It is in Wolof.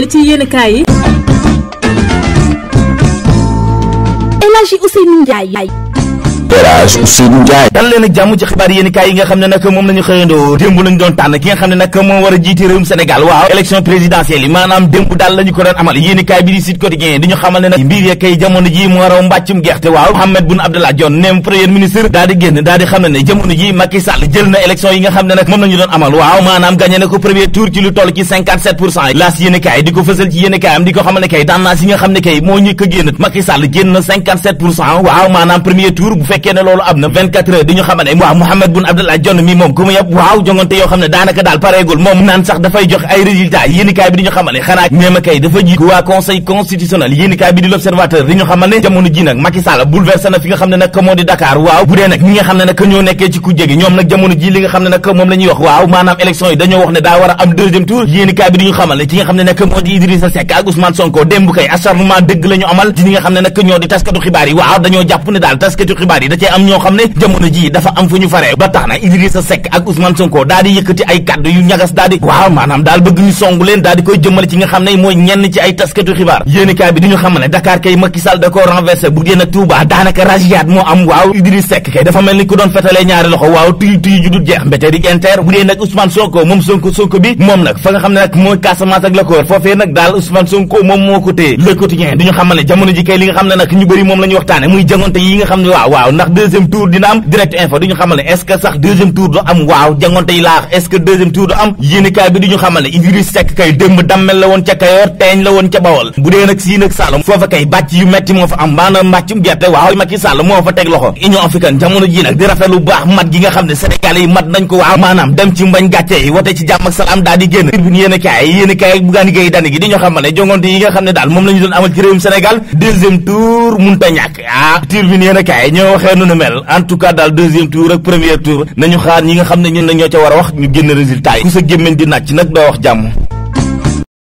li ci yenn kaay yi El Hadji Ousseynou Ndiaye El Hadj Ousseynou dal leen jàmm ci xibaar yéen kaay yi nga xam ne nag moom la xëyandoo démb lañu doon tànn ki xam ne nag moo war jiite réewum Sénégal waaw élection présidentielle yi maanaam démb daal la ko doon amal yéen kaay bi di Sud Quotidien di ñu xamal ne nag mbir ya kay jamono ji moo raw mbàccum gerte waaw Mohamed Boun Abdallah Dionne neem premier ministre daal génn daal xam ne ne jamono ji Macky Sall jël na élection yi nga fekkee ne loolu am na 24 heures di ñu xamal ne waaw Mouhamed Boun Abdallah Dionne mi moom ku mu yëpp waaw jongante yoo xam ne daanaka daal pareegul moom naan sax dafay jox ay résultats yéenikaay bi di ñu xamal ne xanaa ji nag Macky Sall fi nga xam ne nag moom la wax waaw maanaam élection yi dañoo wax ne daa war a am deuxième tour yéenikaay bi di ñu xamal ne ci nga xam ne nag moo di Idrissa Seck ak Ousmane Sonko démb kay acharnement yi da am ñoo xam ne jamono ji dafa am fu ñu fare ba tax na Idrissa Seck ak Ousmane Sonko daal yëkkati ay kaddu yu ñagas daal waaw maanaam daal bëgg ñu songu daal di koy jëmmal ne daal Ousmane Sonko moom moo ko téye Le Quotidien di ñu xam ne jamono ji kay li nga xam ne nag ñu bëri moom la waxtaane muy jangonte yi nga xam ne waaw waaw ndax deuxième tour dina am direct info du ñu xamal ne est-ce que sax deuxième tour du am waaw jangonte yi laax est am maanaam mbàccum gerte waaw Macky Sall moo fa teg loxo Union africaine jongonte yi nga xam ne daal moom la doon amal ci réewum Sénégal deuxième tour munta ñàkk ah tribune yéenekaay ñoo wax waxee nu nu mel en tout cas daal deuxième tour ak premier tour nañu xaar ñi nga xam ne ñun na ñoo ca war a wax ñu génn résultat yi ku sa gémmiñ di nàcc nag doo wax jàmm